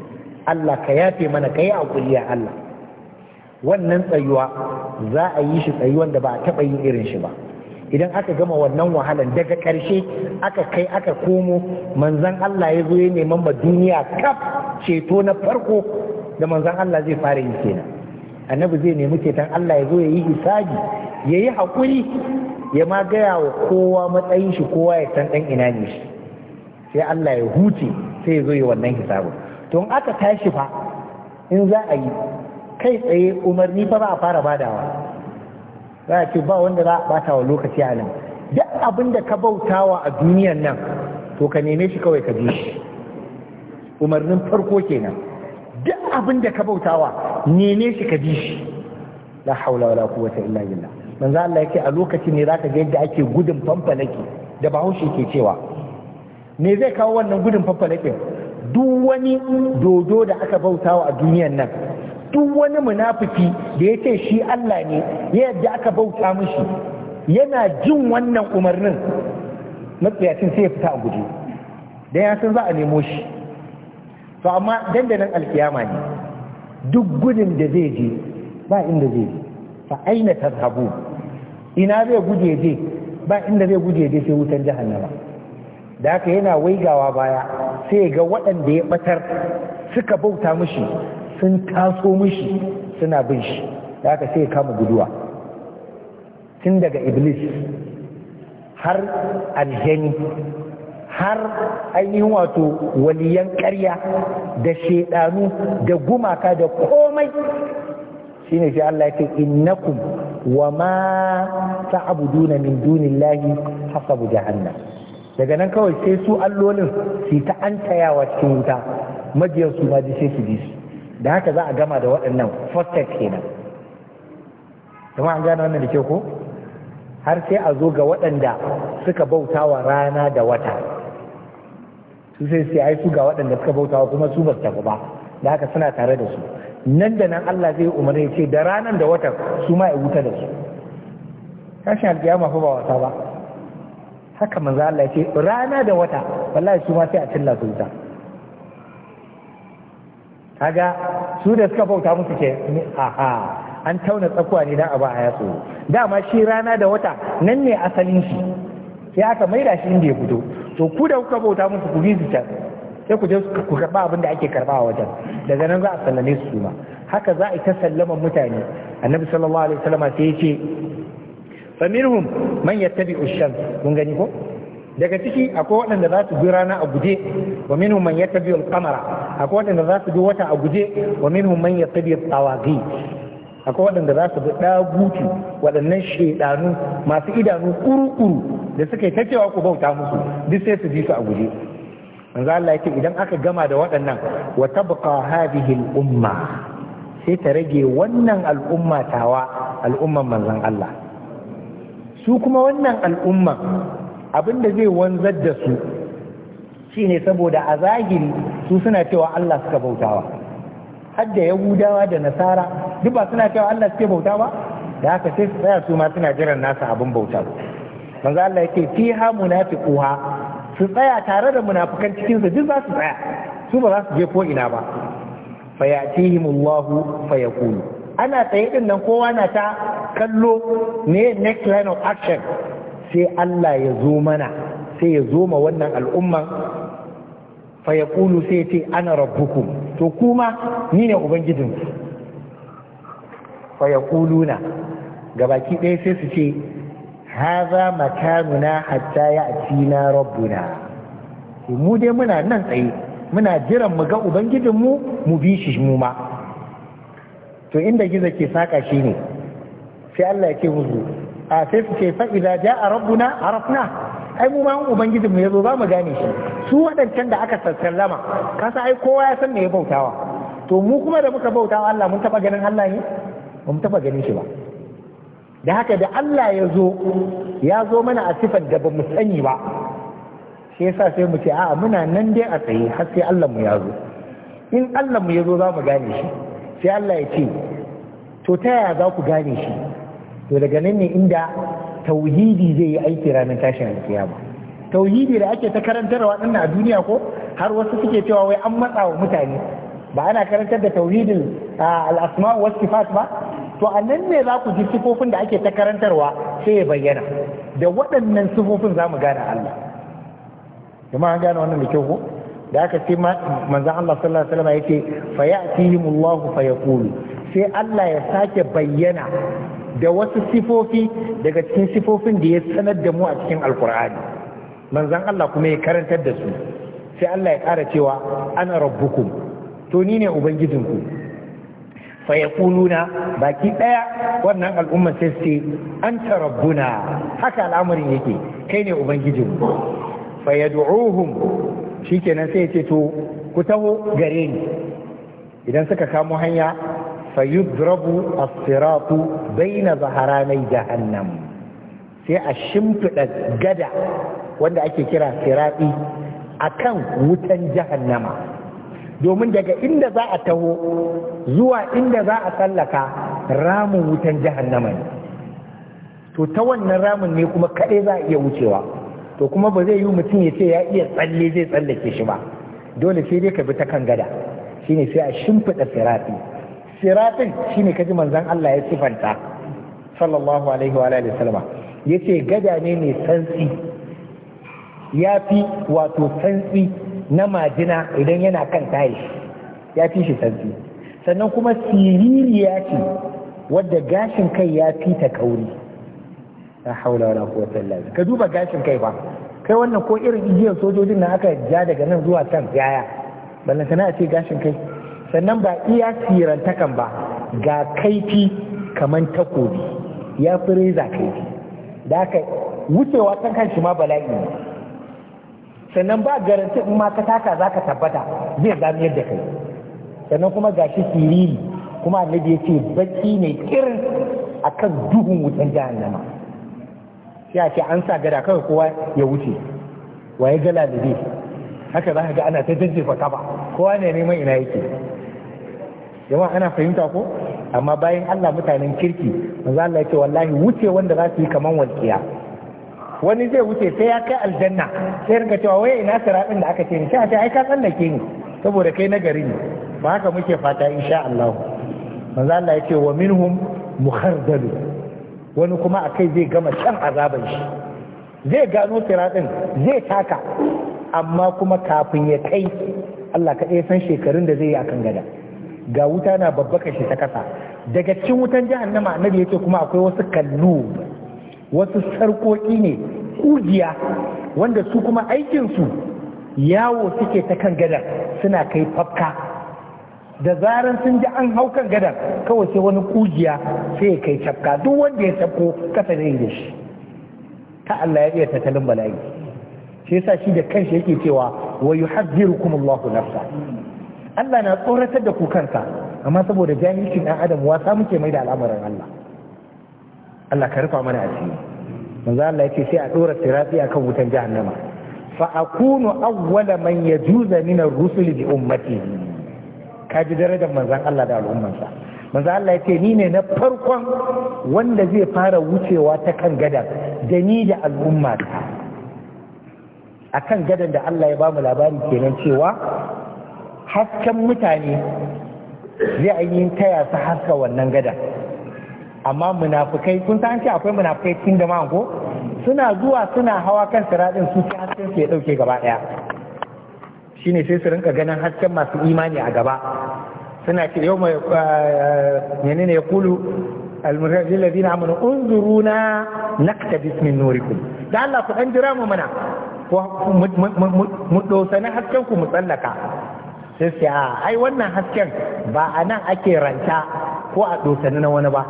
Allah ka yafe mana ka yi a Allah wannan tsayuwa za a yi shi tsayuwan da ba a taɓa yin irin shi ba idan aka gama wannan wahalan daga ƙarshe aka kai aka komo manzan Allah ya zo ya neman ba duniya kaf ceto na farko da manzan Allah zai fara yi kenan annabi zai nemi ceton Allah ya zo ya yi hisabi ya yi haƙuri ya ma gaya wa kowa matsayin shi kowa ya san ɗan ina ne shi sai Allah ya huce sai ya zo ya wannan hisabin to in aka tashi fa in za a yi kai tsaye umarni fa ba a fara badawa za a ce ba wanda za a bata wa lokaci a nan duk abin da ka wa a duniyan nan to ka neme shi kawai ka ji shi umarnin farko kenan duk abin da ka wa neme shi ka ji shi la haula wala quwwata illa billah manzo Allah yake a lokacin ne zaka ga yadda ake gudun fanfalake da bahaushe ke cewa me zai kawo wannan gudun fanfalake duk wani dodo da aka bauta wa a duniyan nan duk wani munafiki da ya ce shi Allah ne ya yadda aka bauta mishi yana jin wannan umarnin matsayacin sai ya fita a guje dan ya san za a nemo shi to amma dandanan alkiyama ne duk gudun da zai je ba inda zai je fa aina tazhabu ina zai guje je ba inda zai guje je sai wutan jahannama da haka yana waigawa baya sai ga waɗanda ya batar suka bauta mishi sun taso mishi suna bin shi da aka sai kama guduwa tun daga iblis har aljani har ainihin wato waliyan karya da shaidanu da gumaka da komai shine sai Allah ya ce innakum wa ma ta'buduna min dunillahi hasabu jahannam daga nan kawai sai su allolin su ta antayawa cikin wuta majiyar su ma ji sai su ji su da haka za a gama da waɗannan fostek kenan kuma an gane wannan da ke ko har sai a zo ga waɗanda suka bauta wa rana da wata su sai sai ai su ga waɗanda suka bauta wa kuma su ba tafi ba da haka suna tare da su nan da nan Allah zai umarni ya ce da ranar da watan su ma ya wuta da su tashin alkiyama fa ba wasa ba haka manzo Allah ya ce rana da wata wallahi su ma sai a cilla su wuta kaga su da suka bauta musu ke aha an tauna tsakuwa ne dan a ba a yatsu dama shi rana da wata nan ne asalin shi sai aka maida shi inda ya fito to ku da kuka bauta musu ku bi su can sai ku je ku karba abin da ake karba a wajen daga nan za a sallame su ma haka za a yi ta sallaman mutane annabi sallallahu alaihi wasallam sai ya ce fa minhum man yattabi'u shams kun gani ko daga ciki akwai waɗanda za su bi rana a guje wa minhum man yattabi al-qamara akwai waɗanda za su bi wata a guje wa minhum man yattabi al-tawaghi akwai waɗanda za su bi ɗagutu waɗannan shaidanu masu idanu kuru-kuru da suka yi ta cewa ku bauta musu duk sai su ji su a guje manzo Allah yake idan aka gama da waɗannan wa tabqa hadhihi al-umma sai ta rage wannan al'umma tawa al'umman manzon Allah su kuma wannan al'umman abin da zai wanzar da su shine saboda a zahiri su suna cewa Allah suka bautawa har da yahudawa da nasara duk ba suna cewa Allah suke bauta ba da haka sai su tsaya su ma suna jiran nasa abin bauta manzo Allah yake fi munafiquha su tsaya tare da munafikan cikin su duk za su tsaya su ba za su je ko ina ba fa fayaqulu ana tsaye din nan kowa na ta kallo ne next line of action sai Allah ya zo mana sai ya zo ma wannan al'umman fa ya kulu sai ce ana rabbukum to kuma ni ne ku. fa ya kuluna gabaki ɗaya sai su ce haza makanuna hatta ya atina rabbuna mu dai muna nan tsaye muna jiran mu ga ubangijinmu mu bi shi mu ma to inda gizo ke saka shi ne sai Allah ya ce musu a sai su ce ja a rabbuna arafna ai mu ma ubangijin mu yazo za mu gane shi su waɗancan da aka sassallama kasa ai kowa ya san me ya bautawa to mu kuma da muka bautawa Allah mun taɓa ganin Allah ne ba mu taɓa ganin shi ba da haka da Allah ya zo ya zo mana a sifar da ba mu sani ba shi yasa sai mu ce a'a muna nan dai a tsaye har sai Allah mu ya zo in Allah mu ya zo za mu gane shi sai Allah ya ce to ta yaya za ku gane shi to daga nan ne inda tauhidi zai yi aiki ranar tashin ba? tauhidi da ake ta karantarwa dinnan a duniya ko har wasu suke cewa wai an matsa wa mutane ba ana karantar da tauhidin al-asma wa sifat ba to a nan ne za ku ji sifofin da ake ta karantarwa sai ya bayyana da waɗannan sifofin za mu gane Allah kuma an gane wannan da kyau ko da aka ce manzan Allah sallallahu alaihi wasallam ce, fa ya'tihimullahu fa sai Allah ya sake bayyana da wasu sifofi daga cikin sifofin da ya sanar da mu a cikin alkur'ani manzan Allah kuma ya karantar da su sai Allah ya ƙara cewa ana rabbukum to ni ne ubangijinku fayakuluna baki ɗaya wannan al'umma sai su ce an ta rabbuna haka al'amarin yake kai ne ubangijin shi kenan sai ya ce to ku taho gare ni idan suka kamo hanya fayudrabu as-siratu baina zaharanai jahannam sai a shimfida gada wanda ake kira sirati akan wutan jahannama domin daga inda za a taho zuwa inda za a tsallaka ramin wutan jahannama ne to ta wannan ramin ne kuma kaɗai za a iya wucewa to kuma ba zai yi mutum ya ce ya iya tsalle zai tsallake shi ba dole sai dai ka bi ta kan gada shine sai a shimfiɗa sirati siratin shine kaji manzon Allah ya sifanta sallallahu alaihi wa alihi wasallama ce gada ne mai santsi ya fi wato santsi na majina idan yana kan tayi ya fi shi santsi sannan kuma siririya ce wadda gashin kai ya fi ta kauri la haula wala quwwata illa ka duba gashin kai ba kai wannan ko irin igiyar sojojin na aka ja daga nan zuwa can yaya ballan sana a ce gashin kai sannan ba iya sirantakan ba ga kaifi kaman takobi ya fi reza kaifi da aka wucewa kan kan shi ma bala'i ne sannan ba garanti in ma ka taka za ka tabbata zai zamiyar da kai sannan kuma ga shi siriri kuma annabi ya ce baki ne kirin kan duhun wutan jahannama sai a ce an sa gada kawai kowa ya wuce waye gala da haka za ka ga ana ta jajjefa kafa kowa ne neman ina yake yawan ana fahimta ko amma bayan Allah mutanen kirki manzo Allah ya ce wallahi wuce wanda za su yi kaman walkiya wani zai wuce sai ya kai aljanna sai rinka cewa waye ina sirabin da aka ce ni sai ai ka tsallake ni saboda kai na gari ne ba haka muke fata insha Allah manzo Allah ya ce wa minhum mukhardalu wani kuma akai zai gama can azaban shi zai gano siratin zai taka amma kuma kafin ya kai Allah kaɗai san shekarun da zai yi akan gada ga wuta na babba kashe ta kasa daga cikin wutan jahannama annabi yake kuma akwai wasu kallu wasu sarkoki ne kujiya wanda su kuma aikin su yawo suke ta kan gadar suna kai fafka da zaran sun ji an hau kan gadar kawai sai wani kujiya sai ya kai cafka duk wanda ya cafko kasa ne da shi ta Allah ya iya tattalin bala'i shi yasa shi da kanshi yake cewa wa yuhadhirukumullahu nafsa Allah na tsoratar da kukansa amma saboda jahilcin ɗan adam wasa muke mai da al'amarin Allah Allah ka rufa mana asiri manzo Allah yace sai a dora sirati akan wutan jahannama fa akunu awwala man yajuza min ar-rusuli bi ummati kaji darajar manzon Allah da al'ummansa manzo Allah yace ni ne na farkon wanda zai fara wucewa ta kan gadar da ni da al'ummata akan gadan da Allah ya bamu labari kenan cewa hasken mutane zai ainihin taya su haska wannan gada amma munafukai kun san ce akwai munafukai cikin da ko suna zuwa suna hawa kan siradin su sai hasken su ya dauke gaba daya shine sai su rinka ganin hasken masu imani a gaba suna ce yau mai eh, ne ya kulu almuhajirin ladina amanu unzuruna nakta bismin nurikum da Allah ku dan jira mu mana mu dosani hasken ku mu tsallaka sai su a ah, ai wannan hasken ba a nan ake ranta ko a dosani na wani ba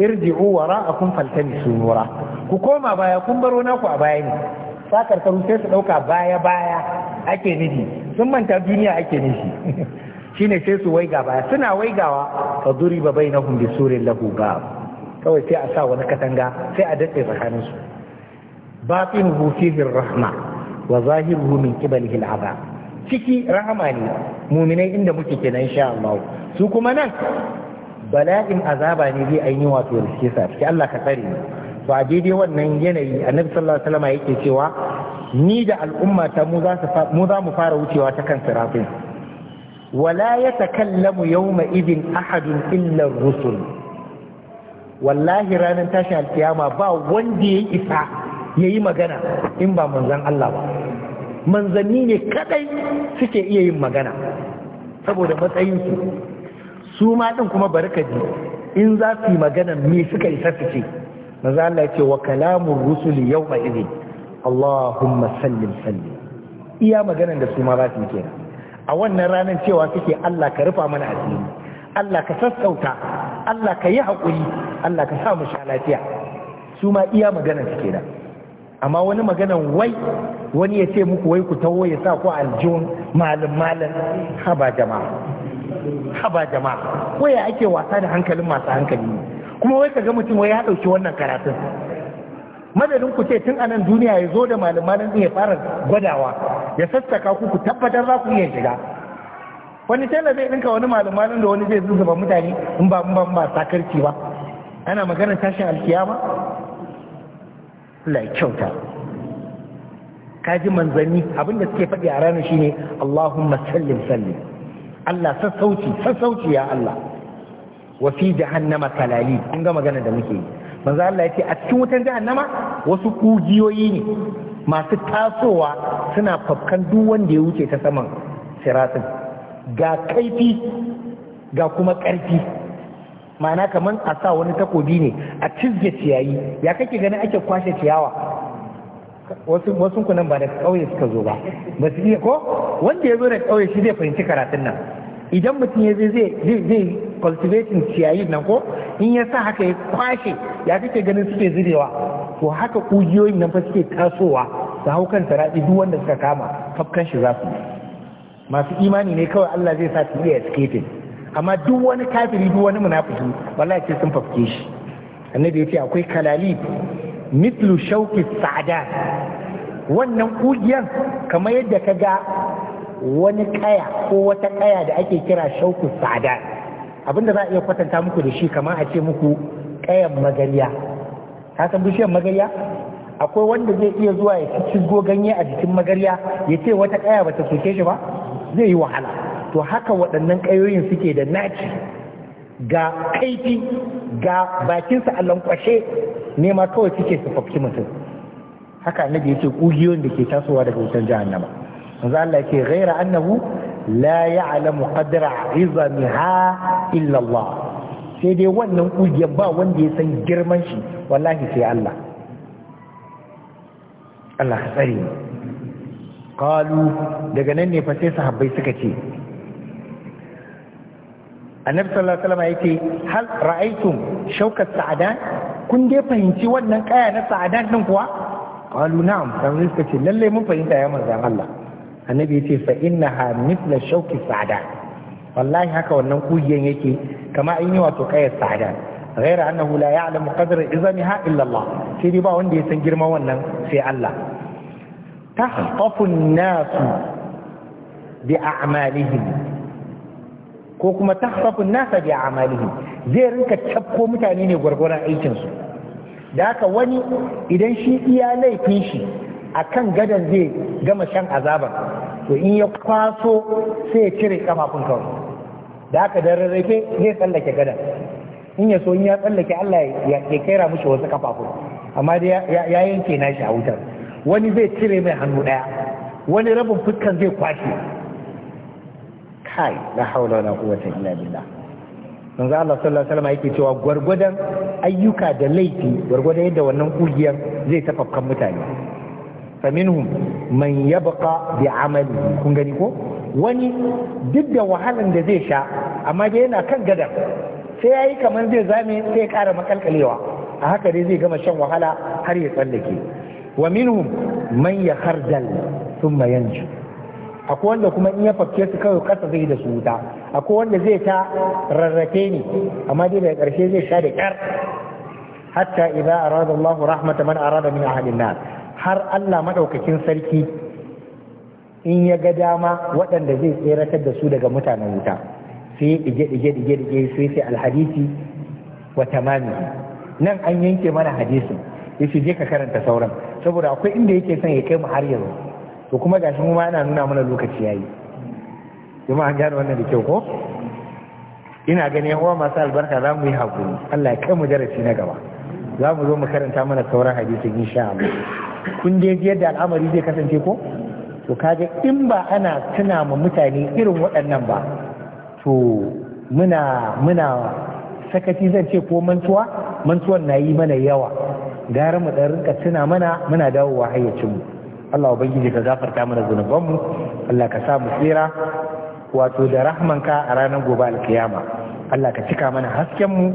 irji wara a kun ni su nura ku koma baya kun baro naku a baya ne sakar karu sai su ɗauka baya baya ake nufi sun manta duniya ake nufi shine sai su waiga baya suna waigawa fa duriba bainahum bisurin lahu bab kawai sai a sa wani katanga sai a dace tsakaninsu batinuhu fihi rahma wa zahiruhu min qibalihi al'azab ciki rahama ne muminai inda muke kenan insha Allah su kuma nan bala'in azaba ne zai ainihin wato riske sa ciki Allah ka tsare ni to a daidai wannan yanayi annabi sallallahu alaihi wasallam yake cewa ni da al'umma ta mu za mu za mu fara wucewa ta kan sirafin wala yatakallamu yawma idin ahadun illa rusul wallahi ranar tashin alkiyama ba wanda ya isa ya yi magana in ba manzan Allah ba manzanni ne kadai suke iya yin magana saboda matsayinsu su ma din kuma barkaji in za su yi magana me suka isa su ce manzo Allah ce wa kalamun rusuli yawma idin Allahumma sallim sallim iya maganar da su ma za su yi kenan a wannan ranar cewa suke Allah ka rufa mana asiri Allah ka sassauta Allah ka yi haƙuri Allah ka sa mu sha lafiya su ma iya maganar su kenan amma wani maganan wai wani ya ce muku wai ku taho ya sa ku aljihun malam-malam haba jama'a haba jama'a ko ya ake wasa da hankalin masu hankali ne kuma wai ka ga mutum wai ya ɗauki wannan karatun madadin ku ce tun a nan duniya ya zo da malam-malam din ya fara gwadawa ya sassaka ku ku tabbatar za ku iya shiga wani tela zai dinka wani malam-malam da wani zai zuba mutane in ba in ba sakarci ba ana maganar tashin alkiyama Allah ya kyauta kaji manzanni abinda suke faɗi a ranar shine Allahumma sallim sallim Allah sassauci sassauci ya Allah wa fi jahannama kalali kun ga magana da muke yi manzo Allah yace a cikin wutan jahannama wasu ƙugiyoyi ne masu tasowa suna fafkan duk wanda ya wuce ta saman siratin ga kaifi ga kuma ƙarfi ma'ana kamar a sa wani takobi ne a cizge ciyayi ya kake ganin ake kwashe ciyawa wasu wasu kunan ba da kauye suka zo ba ba su iya ko wanda ya zo da kauye shi zai fahimci karatun nan idan mutum ya zai zai zai cultivating ciyayin nan ko in ya sa haka ya kwashe ya kake ganin suke zurewa to haka kugiyoyin nan fa suke tasowa su hau kan sarati duk wanda suka kama kafkan shi za su masu imani ne kawai Allah zai sa su iya skating amma duk wani kafiri duk wani munafiki wallahi sai sun fafke shi annabi yace akwai kalali mitlu shauki sa'ada wannan kugiyan kamar yadda ka ga wani kaya ko wata kaya da ake kira shauku sa'ada abinda za a iya kwatanta muku da shi kamar a ce muku kayan magariya ka san bishiyar magariya akwai wanda zai iya zuwa ya ci ganye a jikin magariya ya ce wata kaya bata soke shi ba zai yi wahala to haka waɗannan ƙayoyin suke da naci ga kaifi ga bakinsa a lankwashe nema kawai suke fafi mutum haka annabi yake ƙugiyoyin da ke tasowa daga wutar jahannama manzo Allah ke ghaira annahu la ya'lamu qadra izamiha ha illallah sai dai wannan ƙugiyar ba wanda ya san girman shi wallahi sai Allah Allah tsare ne. qalu daga nan ne fa sai sahabbai suka ce annabi sallallahu alaihi wasallam yake hal ra'aytum shaukat sa'adan kun dai fahimci wannan kaya na sa'adan din kuwa qalu na'am sai ce lalle mun fahimta ya manzon Allah annabi yace fa innaha mithla shauki sa'adan wallahi haka wannan kugiyan yake kama an yi wato kayar sa'adan ghaira annahu la ya'lamu qadra izamiha illa Allah sai dai ba wanda ya san girman wannan sai Allah tahtafu an-nasu bi a'malihim ko kuma tahsafun nasa bi amalihi zai rinka cafko mutane ne gwargwaron aikinsu. da haka wani idan shi iya laifin shi akan gadon zai gama shan azaban to in ya kwaso sai ya cire kamafin kawai da haka da rarrafe zai tsallake gadon, in ya so in ya tsallake Allah ya kera mushi wasu kafafun amma da ya yanke nashi a wutar wani zai cire mai hannu daya wani rabin fuskan zai kwashe kai la haula wala quwwata illa billah manzo Allah sallallahu alaihi wasallam yake cewa gwargwadon ayyuka da laifi gurgudan yadda wannan kugiyar zai tafafkan mutane minhum man yabqa bi amali kun gani ko wani duk da wahalan da zai sha amma dai yana kan gada sai yayi kamar zai zame sai ya kara makalkalewa a haka dai zai gama shan wahala har ya tsallake wa minhum man yakhardal thumma yanju akwai wanda kuma in ya fafke su kawai kasa zai da su wuta akwai wanda zai ta rarrake ni amma dai daga karshe zai sha da ƙyar hatta idza arada Allah rahmata man arada min ahli nar har Allah madaukakin sarki in ya ga dama waɗanda zai tseratar da su daga mutanen wuta sai dige dige dige dige sai sai alhadisi wa tamami nan an yanke mana hadisin yace je ka karanta sauran saboda akwai inda yake son ya kai mu har yanzu to kuma gashi mu ma yana nuna mana lokaci yayi kuma an gane wannan da kyau ko ina ganin uwa masu albarka za mu yi hakuri Allah ya kai mu darasi na gaba za mu zo mu karanta mana sauran hadisin insha Allah kun dai ji yadda al'amari zai kasance ko to kaje in ba ana tuna ma mutane irin waɗannan ba to muna muna sakaci zan ce ko mantuwa mantuwan na yi mana yawa gara mu ɗan rinka tuna mana muna dawowa mu. Allah Ubangiji ka zafarta mana zunubanmu, Allah ka samu tsira, wato da rahmanka a ranar gobe alkiyama. Allah ka cika mana haskenmu,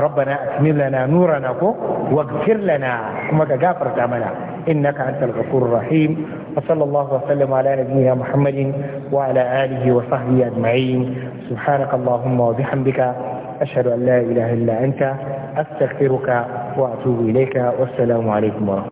rabbana atmin lana nurana ko waghfir lana kuma ka gafarta mana innaka antal ghafur rahim wa sallallahu wa sallama ala nabiyyina muhammadin wa ala alihi wa sahbihi ajma'in subhanaka allahumma wa bihamdika ashhadu an la ilaha illa anta astaghfiruka wa atubu